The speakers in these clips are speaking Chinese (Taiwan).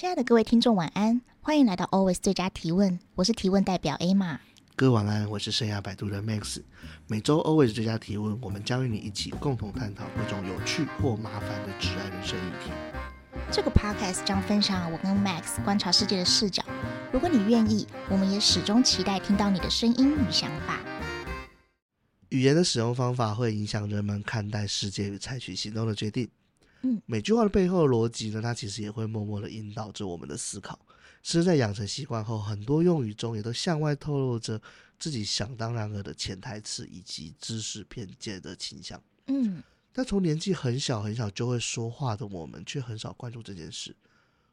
親愛的各位聽眾，晚安！歡迎來到 Always 最佳提問，我是提問代表艾瑪。各位晚安，我是生涯擺渡的 Max。每周 Always 最佳提問，我們將與你一起共同探討各種有趣或麻煩的職涯人生議題。這個 podcast 將分享我跟 Max 觀察世界的視角。如果你願意，我們也始終期待聽到你的聲音與想法。語言的使用方法會影響人們看待世界與採取行動的決定。每句話的背後的邏輯呢，它其實也會默默的引導着我們的思考。其實，在養成習慣後，很多用語中也都向外透露着自己想當然爾的潛台詞以及知識邊界的傾向。嗯，但從年紀很小很小就會說話的我們，卻很少關注這件事。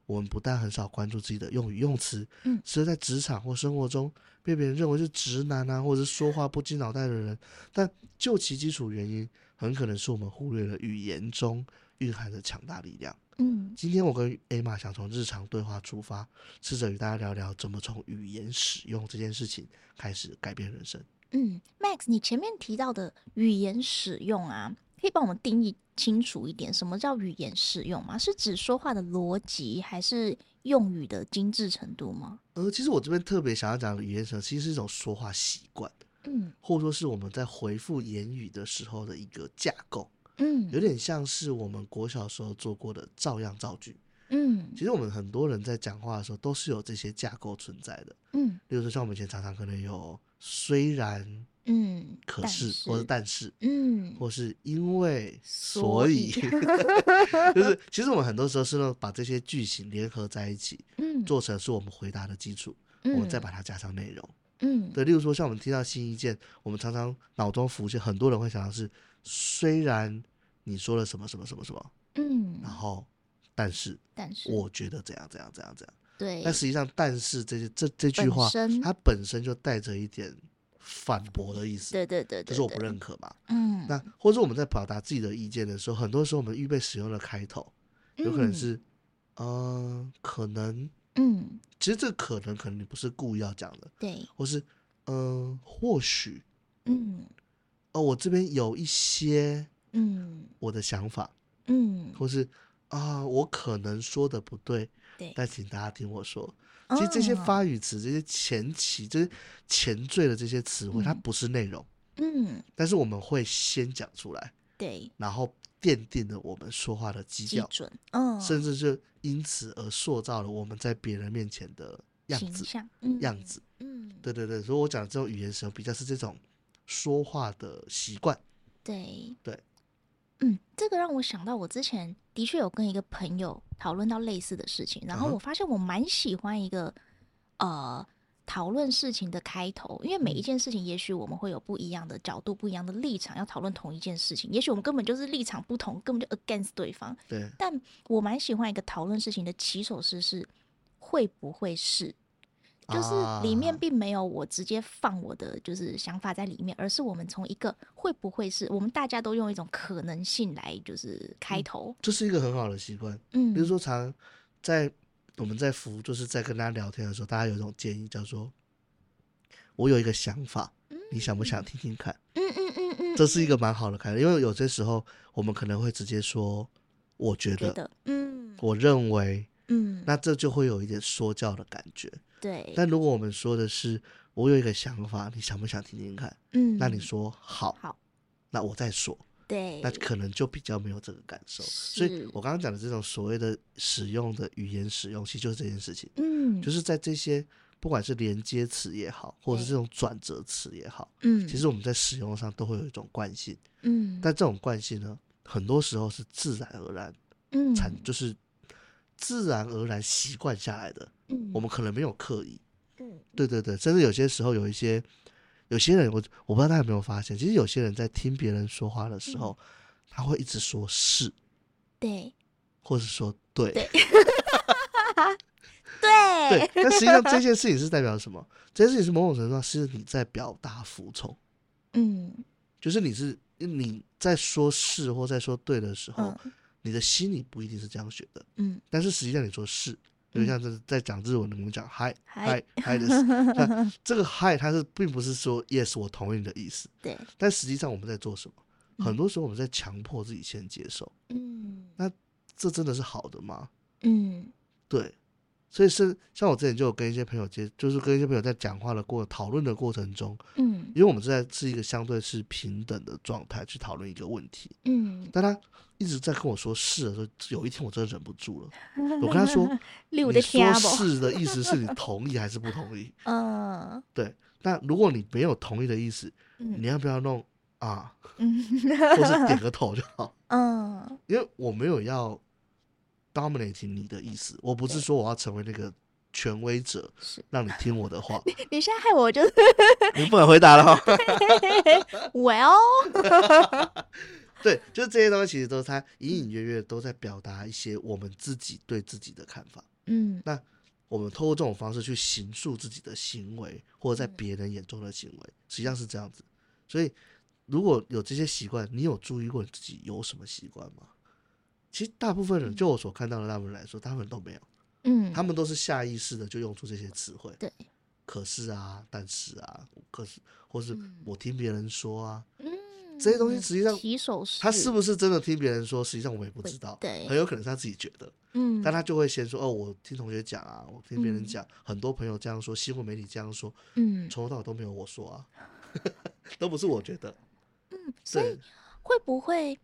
我們不但很少關注自己的用語用詞，嗯，所以在職場或生活中被別，別人認為是直男啊，或者是說話不經腦袋的人，但究其基礎原因，很可能是我們忽略了語言中，蘊含着強大力量。嗯，今天我跟 Emma 想從日常對話出發，試着與大家聊聊怎麼從語言使用這件事情開始改變人生。嗯，Max，你前面提到的語言使用啊，可以幫我們定義清楚一點，什麼叫語言使用嗎？是指說話的邏輯，還是用語的精致程度嗎？嗯。呃，其實我這邊特別想要講的語言使用，其實是一種說話習慣。嗯，或者說，是我們在回復言語的時候的一個架構。嗯，有點像是我們國小時候做過的照樣造句。嗯，其實我們很多人在講話的時候都是有這些架構存在的。嗯，例如說像我們以前常常可能有雖然，嗯，可是，或者但是，嗯，或是因為所以， 就是其實我們很多時候是呢把這些句型聯合在一起，嗯，做成是我們回答的基礎，嗯，我們再把它加上內容，嗯，對，例如說像我們聽到新意見，我們常常腦中浮現，很多人會想到是。雖然你說了什麼什麼什麼什麼，嗯，然後但是但是我覺得怎樣怎樣怎樣怎樣，對。但實際上，但是這些這這句話，它本身就帶着一點反駁的意思，對對，對對對，就是我不認可嘛，嗯。那，對對對，那或者我們在表達自己的意見的時候，很多時候我們預備使用的開頭，有可能是，嗯，呃、可能，嗯，其實這可能可能你不是故意要講的，對。或是嗯、呃，或許，嗯。哦，我這邊有一些，嗯，我的想法，嗯，或是啊，我可能說的不對，對，但請大家聽我說。其實這些發語詞，哦，這些前期，這些、就是、前綴的這些詞彙，嗯，它不是內容，嗯，但是我們會先講出來，對，嗯，然後奠定了我們說話的基調，嗯，哦，甚至就因此而塑造了我們在別人面前的樣子，嗯，樣子，嗯，對對對，所以我講這種語言的時候，比較是這種。說話的習慣，對對，嗯，這個讓我想到，我之前的確有跟一個朋友討論到類似的事情，然後我發現我蠻喜歡一個、嗯、呃討論事情的開頭，因為每一件事情，也許我們會有不一樣的角度、不一樣的立場，要討論同一件事情，也許我們根本就是立場不同，根本就 against 對方。對，但我蠻喜歡一個討論事情的起手式是會不會是。就是裡面並沒有我直接放我的就是想法在裡面，啊、而是我們從一個會不會是我們大家都用一種可能性來就是開頭，嗯、這是一個很好的習慣。嗯，比如說常在我們在服就是在跟大家聊天的時候，大家有一種建議叫做“我有一個想法、嗯，你想不想聽聽看？”嗯嗯嗯嗯，嗯，這是一個蠻好的開頭，因為有些時候我們可能會直接說“我覺得，覺得嗯，我認為”。嗯，那這就會有一點說教的感覺。對。但如果我們說的是“我有一個想法，你想不想聽聽看？”嗯，那你說“好”，好，那我再說。對。那可能就比較沒有這個感受。是。所以我剛剛講的這種所謂的使用的語言使用，其實就是這件事情。嗯。就是在這些不管是連接詞也好，嗯，或者是這種轉折詞也好，嗯，其實我們在使用上都會有一種慣性。嗯。但這種慣性呢，很多時候是自然而然。嗯。產就是。自然而然習慣下來的、嗯，我們可能沒有刻意、嗯。對對對，甚至有些時候有一些有些人，我我不知道他有沒有發現，其實有些人在聽別人說話的時候，嗯、他會一直說是對，或是說對，對 對。但 對 實際上這件事情是代表什麼？ 這件事情是某種程度上是你在表達服從。嗯，就是你是你在說“是”或在說“對”的時候。嗯你的心裡不一定是這樣學的，嗯，但是實際上你說是，就、嗯、像在講日文，能不能講 hi hi hi 的， 這個 hi 它是並不是說 yes 我同意你的意思，對，但實際上我們在做什麼、嗯？很多時候我們在強迫自己先接受，嗯，那這真的是好的嗎？嗯，對。所以是像我之前就有跟一些朋友接，就是跟一些朋友在講話的過討論的過程中，嗯，因為我們是在是一個相對是平等的狀態去討論一個問題，嗯，但他一直在跟我說是的時候，有一天我真的忍不住了，我跟他說，嗯嗯嗯嗯嗯、你說是的意思是你同意還是不同意？嗯，對，但如果你沒有同意的意思，你要不要弄啊？嗯嗯嗯、或是點個頭就好，嗯，因為我沒有要。Dominating 你的意思，我不是說我要成為那個權威者，讓你聽我的話。你，你傷害我，我就 你不敢回答了。 Well， 對，就是這些東西其實都是他隱隱約約都在表達一些我們自己對自己的看法。嗯，那我們通過這種方式去形塑自己的行為，或者在別人眼中的行為，實際上是這樣子。所以，如果有這些習慣，你有注意過你自己有什麼習慣嗎？其實大部分人，就我所看到的，他們來說、嗯，他們都沒有，嗯，他們都是下意識的就用出這些詞彙，對。可是啊，但是啊，可是，或是我聽別人說啊、嗯，這些東西實際上，他是不是真的聽別人說？實際上我也不知道，很有可能是他自己覺得，嗯，但他就會先說哦，我聽同學講啊，我聽別人講、嗯，很多朋友這樣說，新聞媒體這樣說，嗯，從頭到尾都沒有我說啊， 都不是我覺得，嗯，對。所以會不會，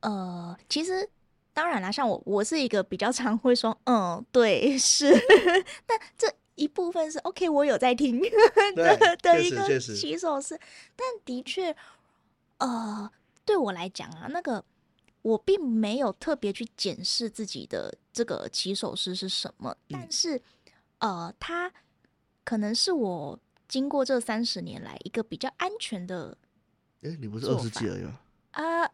呃，其實。當然啦，像我，我是一個比較常會說，嗯，對，是，呵呵，但這一部分是 OK，我有在聽呵呵的對，確實，確實的一個起手式，但的確，呃，對我來講啊，那個我並沒有特別去檢視自己的這個起手式是什麼、嗯，但是，呃，他可能是我經過這三十年來一個比較安全的，哎，你不是二十幾而已嗎？啊、呃。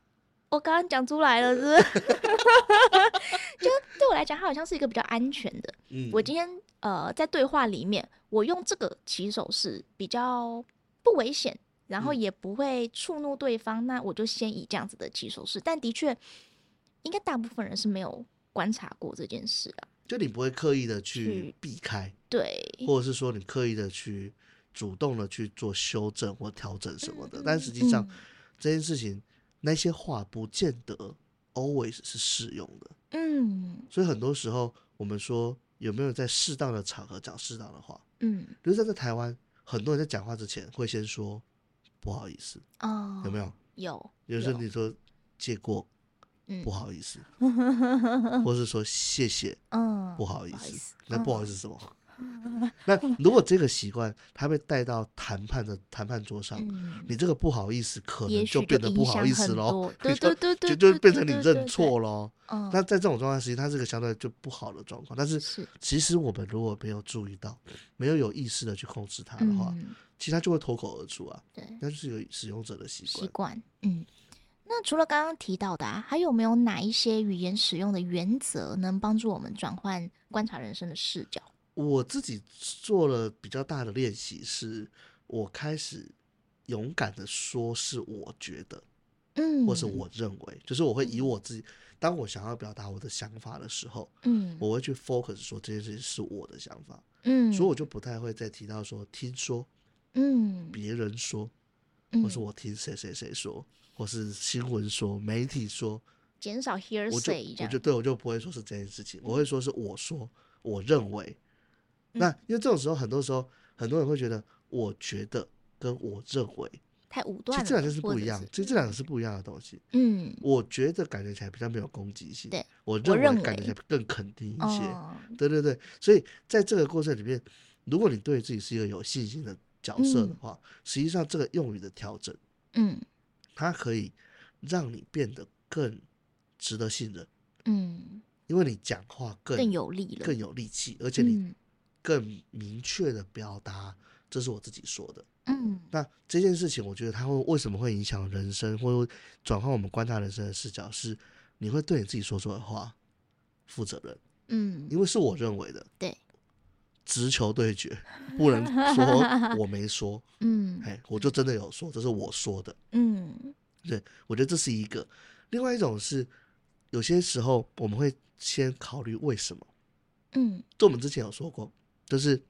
我剛剛講出來了是不是？ 就對我來講，它好像是一個比較安全的。嗯、我今天呃，在對話裡面，我用這個起手式比較不危險，然後也不會觸怒對方、嗯，那我就先以這樣子的起手式。但的確，應該大部分人是沒有觀察過這件事啊。就你不會刻意的去避開，嗯、對，或者是說你刻意的去主動的去做修正或調整什麼的。嗯、但實際上、嗯，這件事情。那些話不見得 always 是適用的，嗯，所以很多時候我們說有沒有在適當的場合講適當的話？嗯，比如在這台灣，很多人在講話之前會先說不好意思、哦、有沒有？有，有時候你說借過，不好意思，或者是說謝謝，不好意思，嗯，謝謝，嗯不好意思，嗯、那不好意思是什麼？ 那如果這個習慣，他被帶到談判的談判桌上，嗯，你這個不好意思，可能就變得就不好意思嘍， 對對對就就變成你認錯嘍。那在這種狀況，實際它是個相對就不好的狀況，嗯。但是其實我們如果沒有注意到，沒有有意識的去控制它的話，嗯、其實它就會脫口而出啊。對，那就是有使用者的習慣。習慣，嗯。那除了剛剛提到的，啊，還有沒有哪一些語言使用的原則，能幫助我們轉換觀察人生的視角？我自己做了比較大的練習，是我開始勇敢的說，是我覺得，嗯，或是我認為，就是我會以我自己，嗯，當我想要表達我的想法的時候，嗯，我會去 focus 說這件事情是我的想法，嗯，所以我就不太會再提到說聽說，嗯，別人說，或是我聽誰誰誰說，嗯，或是新聞說，媒體說，減少 hear say，我就，我就，對，我就不會說是這件事情，我會說是我說，我認為。嗯、那因為這種時候，很多時候很多人會覺得，我覺得跟我認為太武斷了。其實這兩個是不一樣的，其實這兩個是不一樣的東西。嗯，我覺得感覺起來比較沒有攻擊性。對，我認為我還感覺起來更肯定一些，哦。對對對，所以在這個過程裡面，如果你對自己是一個有信心的角色的話，嗯、實際上這個用語的調整，嗯，它可以讓你變得更值得信任。嗯，因為你講話更，更有力了，更有力氣，而且你，嗯。更明確的表達，這是我自己說的。嗯，那這件事情，我覺得他會為什麼會影響人生，或者轉換我們觀察人生的視角，是你會對你自己說出來的話負責任。嗯，因為是我認為的。對，直球對決，不能說我沒說。 嗯嘿，我就真的有說，這是我說的。嗯，對，我覺得這是一個。另外一種是，有些時候我們會先考慮為什麼。嗯，就我們之前有說過。就是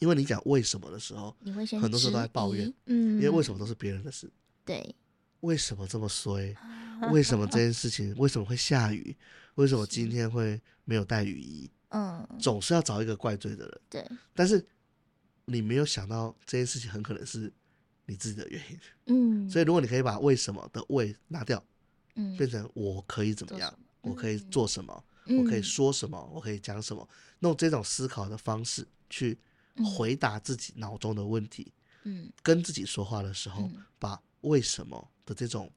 因為你講為什麼的時候，很多時候都在抱怨，嗯，因為為什麼都是別人的事，對，為什麼這麼衰？ 為什麼這件事情？ 為什麼會下雨？為什麼今天會沒有帶雨衣？嗯，總是要找一個怪罪的人，對。但是你沒有想到，這件事情很可能是你自己的原因，嗯。所以如果你可以把為什麼的為拿掉，嗯，變成我可以怎麼樣？做什麼，我可以做什麼？嗯我可以說什麼，嗯？我可以講什麼？用這種思考的方式去回答自己腦中的問題。嗯，跟自己說話的時候，嗯，把為什麼的這種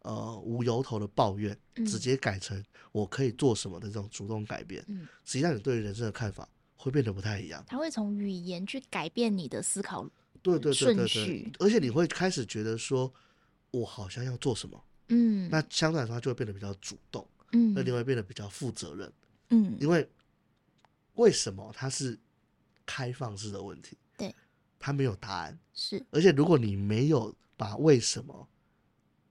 呃無由頭的抱怨，嗯，直接改成我可以做什麼的這種主動改變。嗯，實際上你對於人生的看法會變得不太一樣。他會從語言去改變你的思考，對對對對對，對，順序，而且你會開始覺得說，我好像要做什麼。嗯，那相對來說他就會變得比較主動。嗯，那你會變得比較負責任，嗯，因為為什麼它是開放式的問題？對，它沒有答案是，而且如果你沒有把為什麼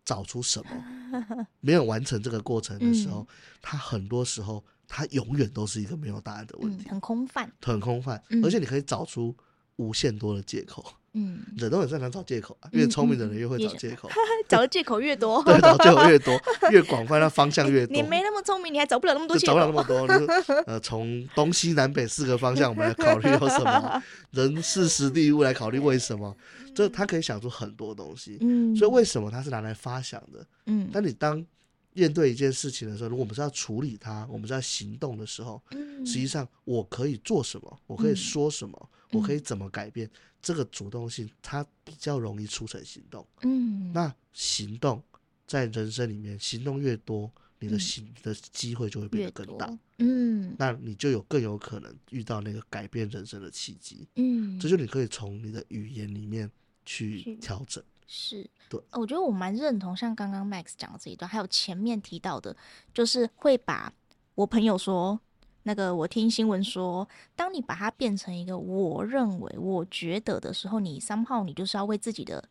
找出什麼， 沒有完成這個過程的時候，嗯、它很多時候它永遠都是一個沒有答案的問題，嗯、很空泛，很空泛、嗯，而且你可以找出無限多的借口。嗯，人都很擅長找借口啊，越聰明的人越會找借口，嗯、呵呵找的借口越多， 對，找借口越多，越廣泛，他方向越多。你沒那麼聰明，你還找不了那麼多借口，找不了那麼多。 你說，呃，從東西南北四個方向，我們來考慮有什麼？ 人事時地物來考慮為什麼？這他可以想出很多東西。嗯，所以為什麼他是拿來發想的？嗯，但你當面對一件事情的時候，如果我們是要處理它，我們是要行動的時候，嗯、實際上我可以做什麼？我可以說什麼？嗯我可以怎麼改變這個主動性？它比較容易促成行動。嗯，那行動在人生裡面，行動越多，你的行、嗯、的機會就會變得更大。嗯，那你就有更有可能遇到那個改變人生的契機。嗯，這就你可以從你的語言裡面去調整。是對、哦，我覺得我蠻認同，像剛剛 Max 講的這一段，還有前面提到的，就是會把我朋友說。那個，我聽新聞說，當你把它變成一個，我認為、我覺得的時候，你 somehow，你就是要為自己的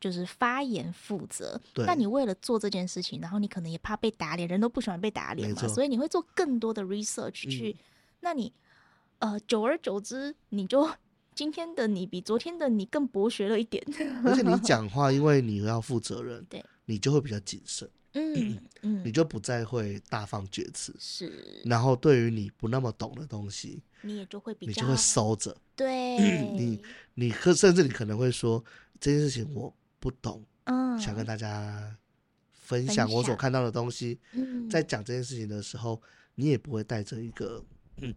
就是發言負責。對。那你為了做這件事情，然後你可能也怕被打臉，人都不喜歡被打臉嘛，所以你會做更多的 research 去。嗯。那你，呃，久而久之，你就今天的你比昨天的你更博學了一點。 而且你講話，因為你要負責任，對，你就會比較謹慎。嗯嗯，你就不再會大放厥詞，是、嗯。然後對於你不那麼懂的東西，你也就會比較，你就會收着。對。嗯、你你可甚至你可能會說、嗯、這件事情我不懂，嗯，想跟大家分享我所看到的東西。嗯，在講這件事情的時候，你也不會帶着一個、嗯、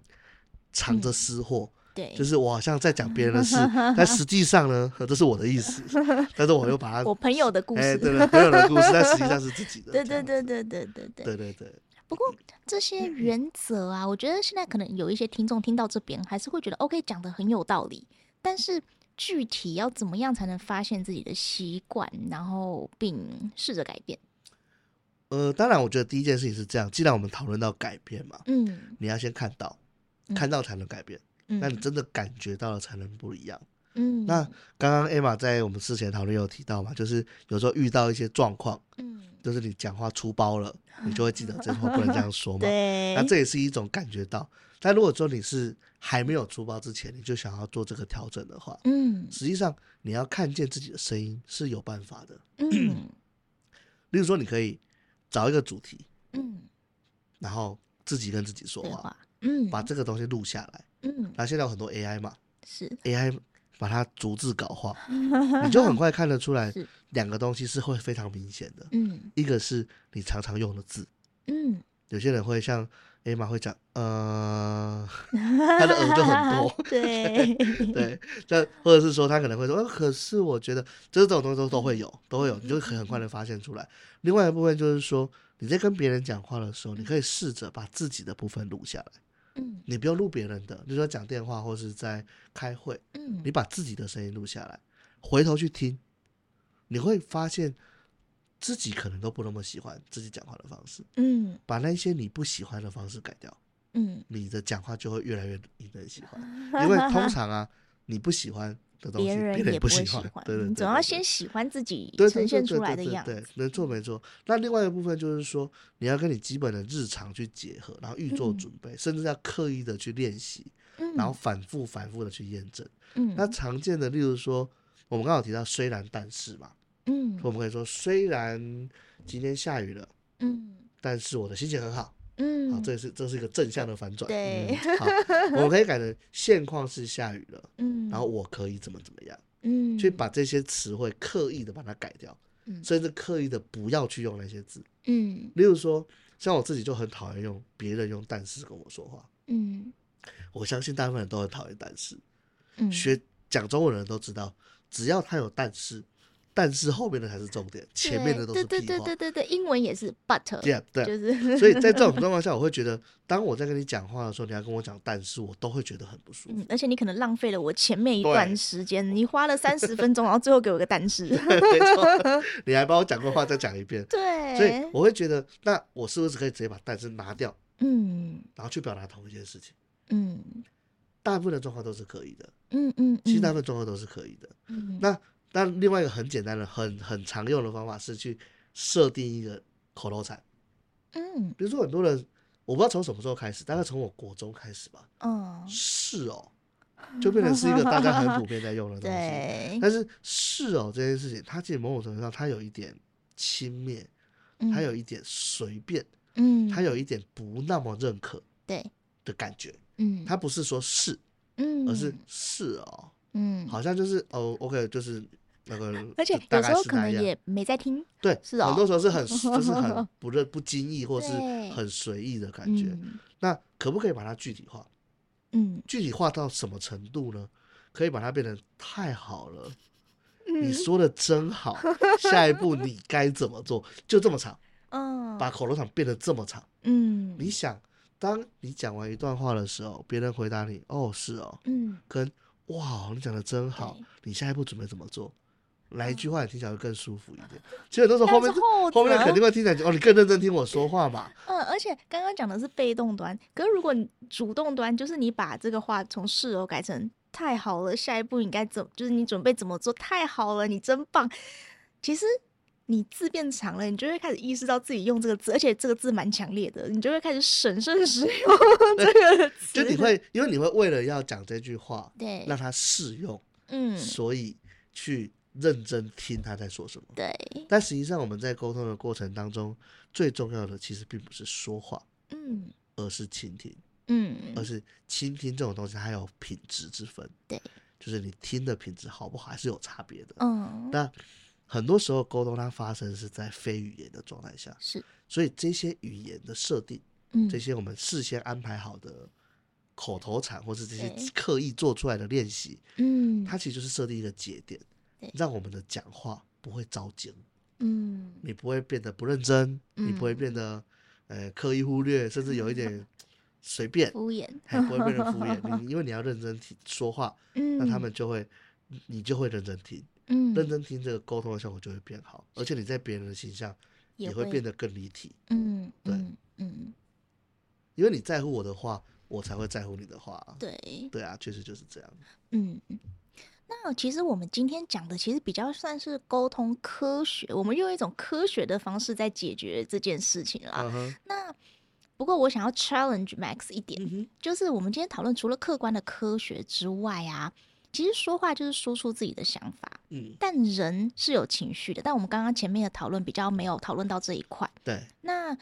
藏着私貨。嗯對，就是我好像在講別人的事， 但實際上呢，這是我的意思。 但是我又把它 我朋友的故事，欸、對對，朋友的故事， 但實際上是自己的。對對對對對對對對,對對對。不過這些原則啊，我覺得現在可能有一些聽眾聽到這邊，還是會覺得 OK，講得很有道理。但是具體要怎麼樣才能發現自己的習慣，然後並試着改變？呃，當然，我覺得第一件事情是這樣，既然我們討論到改變嘛，嗯，你要先看到，看到才能改變。嗯嗯、那你真的感覺到了才能不一樣。嗯，那剛剛 Emma 在我們事前討論有提到嘛，就是有時候遇到一些狀況，嗯，就是你講話出包了、嗯，你就會記得這句話不能這樣說嘛。 對。那這也是一種感覺到，但如果說你是還沒有出包之前，你就想要做這個調整的話，嗯，實際上你要看見自己的聲音是有辦法的。嗯。 例如說，你可以找一個主題，嗯，然後自己跟自己說話，嗯，把這個東西錄下來。嗯嗯嗯，然、啊、後現在有很多 AI 嘛，是 AI 把它逐字稿化。 你就很快看得出來兩個東西是會非常明顯的。嗯，一個是你常常用的字，嗯，有些人會像 Emma 會講，呃，他的耳朵就很多，對對，或者是說他可能會說，可是我覺得這種東西都都會有，嗯、都會有，你就可以很快的發現出來。嗯。另外一部分就是說你在跟別人講話的時候，你可以試着把自己的部分錄下來。嗯，你不要錄別人的，比如說講電話或是在開會，嗯，你把自己的聲音錄下來，回頭去聽，你會發現自己可能都不那麼喜歡自己講話的方式，嗯，把那些你不喜歡的方式改掉，嗯，你的講話就會越來越引人喜歡，嗯，因為通常啊， 你不喜歡。別人，人也不會喜歡，你總要先喜歡自己呈現出來的樣子。對，沒錯沒錯。那另外一個部分就是說，你要跟你基本的日常去結合，然後預做準備，嗯，甚至要刻意的去練習，嗯，然後反覆反覆的去驗證。嗯，那常見的，例如說，我們剛好提到，雖然但是嘛，嗯，我們可以說，雖然今天下雨了，嗯，但是我的心情很好。嗯，好，這是這是一個正向的反轉。對，嗯、好， 我們可以改成現況是下雨了，嗯，然後我可以怎麼怎麼樣，嗯，去把這些詞彙刻意的把它改掉，嗯，甚至刻意的不要去用那些字，嗯，例如說，像我自己就很討厭用別人用但是跟我說話，嗯，我相信大部分人都很討厭但是，嗯，學講中文的人都知道，只要他有但是。但是後面的才是重點，前面的都是屁話。對對對對對對，英文也是 but、yeah。對，就是。所以在這種狀況下，我會覺得，當我在跟你講話的時候，你要跟我講但是，我都會覺得很不舒服。嗯，而且你可能浪費了我前面一段時間，你花了三十分鐘， 然後最後給我個但是，沒錯。 你還把我講過的話再講一遍，對。所以我會覺得，那我是不是可以直接把但是拿掉？嗯，然後去表達同一件事情。嗯，大部分的狀況都是可以的。嗯嗯，嗯，其實大部分狀況都是可以的。嗯，那。但另外一個很簡單的、很很常用的方法是去設定一個口頭禪，嗯，比如說很多人，我不知道從什麼時候開始，大概從我國中開始吧。哦，是哦，就變成是一個大家很普遍在用的東西。呵呵呵呵對，但是是哦這件事情，它其實某種程度上它有一點輕蔑，它有一點隨便，嗯，它有一點不那麼認可，對的感覺，嗯，它不是說是，嗯，而是是哦，嗯，好像就是哦，OK，就是。那個大概那，而且有時候可能也沒在聽，對，是啊、哦，很多時候是很，就是很不認，不經意， 或是很隨意的感覺、嗯。那可不可以把它具體化？嗯，具體化到什麼程度呢？可以把它變成太好了。嗯、你說的真好、嗯，下一步你該怎麼做？就這麼長，嗯，把口頭禪變得這麼長，嗯，你想，當你講完一段話的時候，別人回答你：“哦，是哦。”嗯，跟：“哇，你講的真好，你下一步準備怎麼做？”來一句話，你聽起來會更舒服一點。其實都是後面後面肯定會聽起來哦，你更認真聽我說話吧。嗯，而且剛剛講的是被動端，可是如果你主動端，就是你把這個話從是用改成太好了，下一步應該怎，就是你準備怎麼做？太好了，你真棒。其實你字變長了，你就會開始意識到自己用這個字，而且這個字蠻強烈的，你就會開始審慎使用這個詞，就你會因為你會為了要講這句話，對，讓它適用，嗯，所以去。認真聽他在說什麼。對，但實際上我們在溝通的過程當中，最重要的其實並不是說話，嗯，而是傾聽，嗯，而是傾聽這種東西還有品質之分。對，就是你聽的品質好不好，還是有差別的。嗯、哦，那很多時候溝通它發生是在非語言的狀態下，是，所以這些語言的設定，嗯，這些我們事先安排好的口頭禪，或是這些刻意做出來的練習，嗯，它其實就是設定一個節點。讓我們的講話不會着急，嗯，你不會變得不認真，嗯、你不會變得呃刻意忽略、嗯，甚至有一點隨便敷衍，還不會被人敷衍呵呵呵。因為你要認真聽說話，嗯，那他們就會，你就會認真聽，嗯、認真聽，這個溝通的效果就會變好。嗯、而且你在別人的形象也會變得更立體。嗯，對嗯，嗯，因為你在乎我的話，我才會在乎你的話。對，對啊，確實就是這樣。嗯。那其實我們今天講的其實比較算是溝通科學，我們用一種科學的方式在解決這件事情啦。Uh-huh. 那不過我想要 challenge Max 一點，uh-huh. 就是我們今天討論除了客觀的科學之外啊，其實說話就是說出自己的想法。嗯、uh-huh.，但人是有情緒的，但我們剛剛前面的討論比較沒有討論到這一塊。對、uh-huh.。那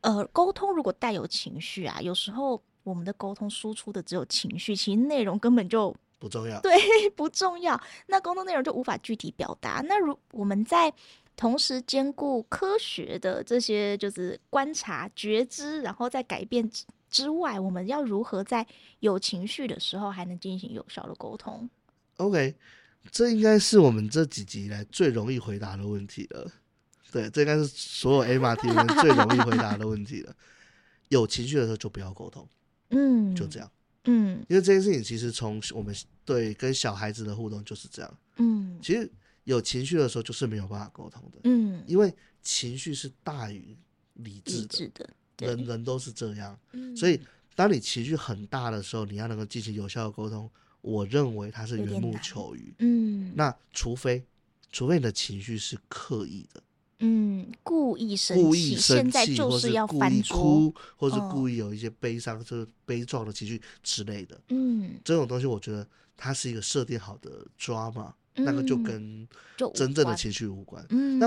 呃，溝通如果帶有情緒啊，有時候我們的溝通輸出的只有情緒，其實內容根本就。不重要，對，不重要。那工作內容就無法具體表達。那如我們在同時兼顧科學的這些，就是觀察、覺知，然後再改變之外，我們要如何在有情緒的時候還能進行有效的溝通？OK，這應該是我們這幾集以來最容易回答的問題了。對，這應該是所有 Emma 提問裡面最容易回答的問題了。 有情緒的時候就不要溝通，嗯，就這樣。嗯，因為這件事情其實從我們對跟小孩子的互動就是這樣。嗯，其實有情緒的時候就是沒有辦法溝通的。嗯，因為情緒是大於理智的，理智的，人人都是這樣。嗯，所以當你情緒很大的時候，你要能夠進行有效的溝通，我認為它是緣木求魚。嗯，那除非，除非你的情緒是刻意的。嗯，故意生氣，現在就是要翻桌，或是故意哭、哦，或是故意有一些悲傷，就是悲壯的情緒之類的。嗯，這種東西我覺得它是一個設定好的 drama，、嗯、那個就跟真正的情緒無關。嗯，那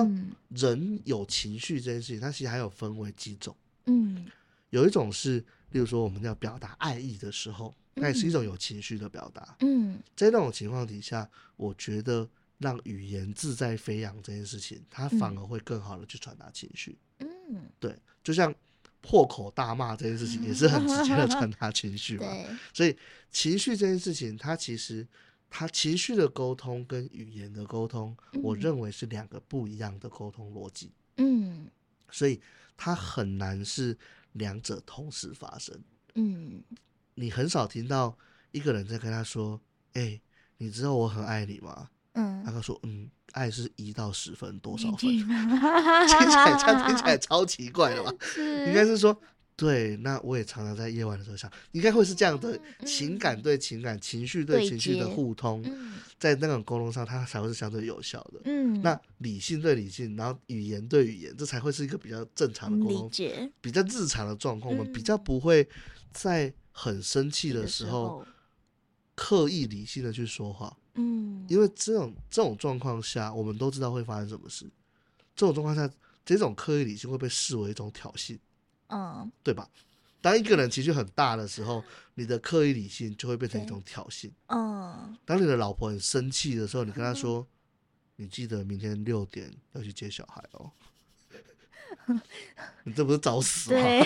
人有情緒這件事情，它其實還有分為幾種。嗯，有一種是，例如說我們要表達愛意的時候，那、嗯、也是一種有情緒的表達，嗯。嗯，在那種情況底下，我覺得。讓語言自在飛揚這件事情，它反而會更好的去傳達情緒。嗯，對，就像破口大罵這件事情，也是很直接的傳達情緒嘛、嗯。 所以情緒這件事情，它其實，它情緒的溝通跟語言的溝通、嗯，我認為是兩個不一樣的溝通邏輯。嗯，所以它很難是兩者同時發生。嗯，你很少聽到一個人在跟他說：“哎、欸，你知道我很愛你嗎？”嗯，他說，嗯，愛是一到十分，多少分？聽、嗯、起 來超， 聽起來超奇怪的吧？應該是說，對，那我也常常在夜晚的時候想，應該會是這樣的、嗯，情感對情感，嗯、情緒對情緒的互通，嗯、在那種溝通上，它才會是相對有效的。嗯，那理性對理性，然後語言對語言，這才會是一個比較正常的溝通，比較日常的狀況。我、嗯、們比較不會在很生氣的時候。刻意理性的去說話，嗯，因為這種這種狀況下，我們都知道會發生什麼事。這種狀況下，這種刻意理性會被視為一種挑釁，嗯，對吧？當一個人情緒很大的時候，你的刻意理性就會變成一種挑釁。嗯，嗯。當你的老婆很生氣的時候，你跟她說，嗯：“你記得明天六點要去接小孩哦。 ”你這不是找死嗎？啊？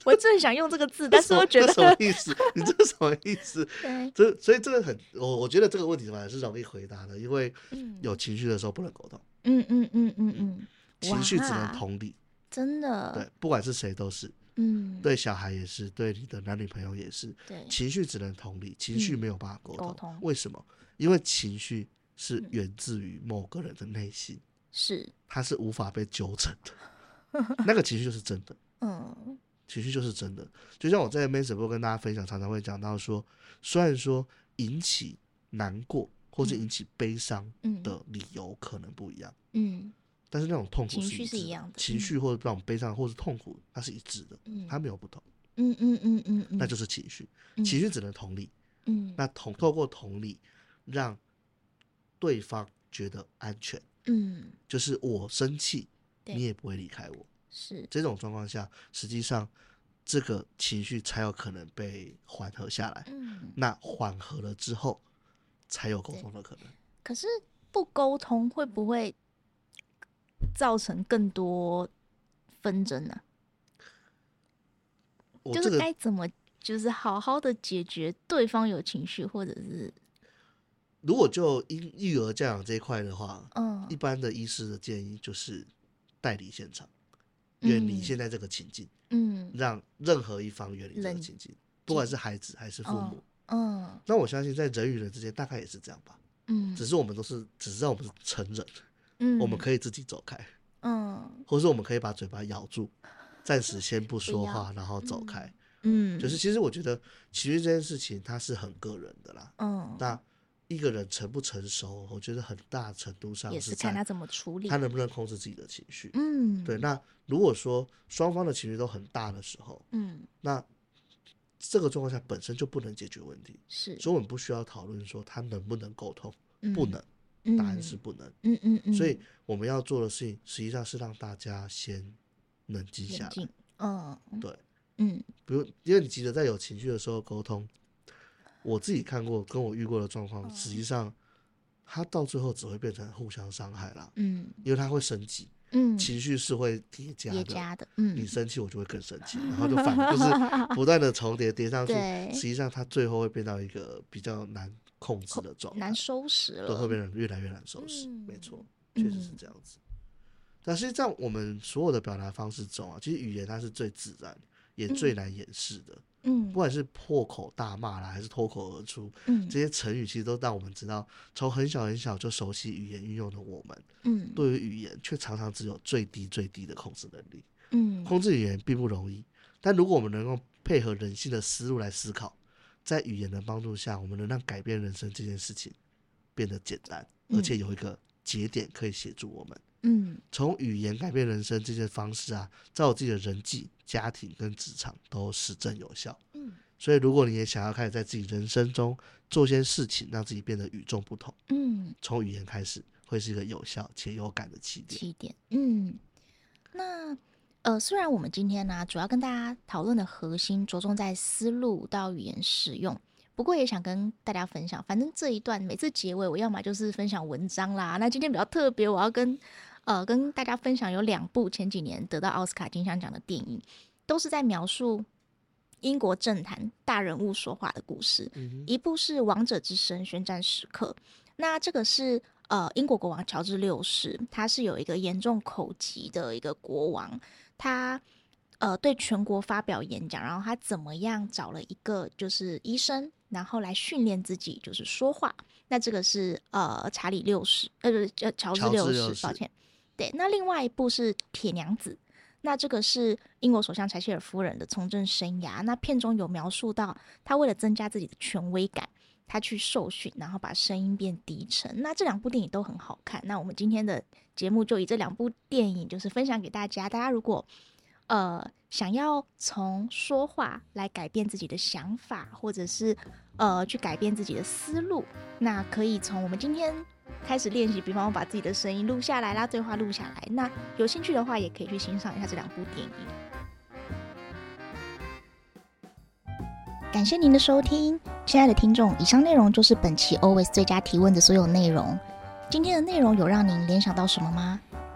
我最想用這個字， 但是我覺得什麼，什麼意思？你這是什麼意思？ okay. 所以這個很，我我覺得這個問題還是容易回答的，因為有情緒的時候不能溝通。嗯嗯嗯嗯嗯，嗯，情緒只能同理，真的對，不管是誰都是。嗯，對，小孩也是，對你的男女朋友也是。對，情緒只能同理，情緒沒有辦法溝通、嗯、通，為什麼？因為情緒是源自於某個人的內心、嗯，是，它是無法被糾正的， 那個情緒就是真的。 嗯。情緒就是真的，就像我在 Maxupport 跟大家分享，常常會講到說，雖然說引起難過或是引起悲傷的理由可能不一樣，嗯，嗯嗯，但是那種痛苦是一致的，是一樣的，情緒或者那種悲傷或者痛苦，它是一致的，嗯，它沒有不同，嗯嗯嗯嗯，嗯，那就是情緒，情緒只能同理，嗯，那同透過同理讓對方覺得安全，嗯，就是我生氣，你也不會離開我。是這種狀況下，實際上這個情緒才有可能被緩和下來。嗯，那緩和了之後，才有溝通的可能。可是不溝通會不會造成更多紛爭呢啊？這個，就是該怎麼，就是好好的解決對方有情緒，或者是如果就因育兒教養這一塊的話，嗯，一般的醫師的建議就是帶離現場。遠離現在這個情境，嗯嗯、讓任何一方遠離這個情境，不管是孩子還是父母，嗯、那我相信在人與人之間大概也是這樣吧、嗯，只是我們都是，只是讓我們是成人、嗯，我們可以自己走開，嗯、或是我們可以把嘴巴咬住，暫、嗯、時先不說話，嗯、然後走開、嗯，就是其實我覺得，其實這件事情它是很個人的啦，嗯，那。一個人成不成熟，我覺得很大程度上是也是看他怎麼處理，他能不能控制自己的情緒。嗯，對。那如果說雙方的情緒都很大的時候，嗯，那這個狀況下本身就不能解決問題，是。所以我們不需要討論說他能不能溝通、嗯，不能、嗯，答案是不能。嗯嗯嗯。所以我們要做的事情，實際上是讓大家先冷靜下來。嗯、哦，對。嗯，比如，因為你急著在有情緒的時候溝通。我自己看過，跟我遇過的狀況，實際上，他到最後只會變成互相傷害了。嗯，因為他會升級，嗯，情緒是會疊加疊加的。嗯，你生氣，我就會更生氣，然後就反就是不斷的重疊疊 上去。實際上他最後會變到一個比較難控制的狀態，難收拾了，都會變得越來越難收拾。嗯、沒錯，確實是這樣子。嗯、但實際上，我們所有的表達方式中啊，其實語言它是最自然。也最難掩飾的，不管是破口大罵啦，還是脫口而出，這些成語其實都讓我們知道，從很小很小就熟悉語言運用的我們，對於語言卻常常只有最低最低的控制能力，控制語言並不容易，但如果我們能夠配合人性的思路來思考，在語言的幫助下，我們能讓改變人生這件事情變得簡單，而且有一個節點可以協助我們。嗯，從語言改變人生這些方式啊，在我自己的人際、家庭跟職場都實證有效。嗯，所以如果你也想要開始在自己人生中做些事情，讓自己變得與眾不同，嗯，從語言開始會是一個有效且有感的起點。起點，嗯，那呃，雖然我們今天呢，啊，主要跟大家討論的核心着重在思路到語言使用，不過也想跟大家分享。反正這一段每次結尾，我要麼就是分享文章啦，那今天比較特別，我要跟。呃，跟大家分享有兩部前幾年得到奧斯卡金像獎的電影，都是在描述英國政壇大人物說話的故事。嗯、一部是《王者之聲》，宣戰時刻。那這個是呃，英國國王喬治六世，他是有一個嚴重口疾的一個國王，他呃對全國發表演講，然後他怎麼樣找了一個就是醫生，然後來訓練自己就是說話。那這個是呃，查理六世，呃，不是叫喬治六世，抱歉。對，那另外一部是《鐵娘子》，那這個是英國首相柴契爾夫人的從政生涯。那片中有描述到，他為了增加自己的權威感，他去受訓，然後把聲音變低沉。那這兩部電影都很好看。那我們今天的節目就以這兩部電影，就是分享給大家。大家如果呃想要從說話來改變自己的想法，或者是呃去改變自己的思路，那可以從我們今天。開始練習，比方，我把自己的聲音錄下來啦，對話錄下來。那有興趣的話，也可以去欣賞一下這兩部電影。感謝您的收聽，親愛的聽眾，以上內容就是本期 Always 最佳提問的所有內容。今天的內容有讓您聯想到什麼嗎？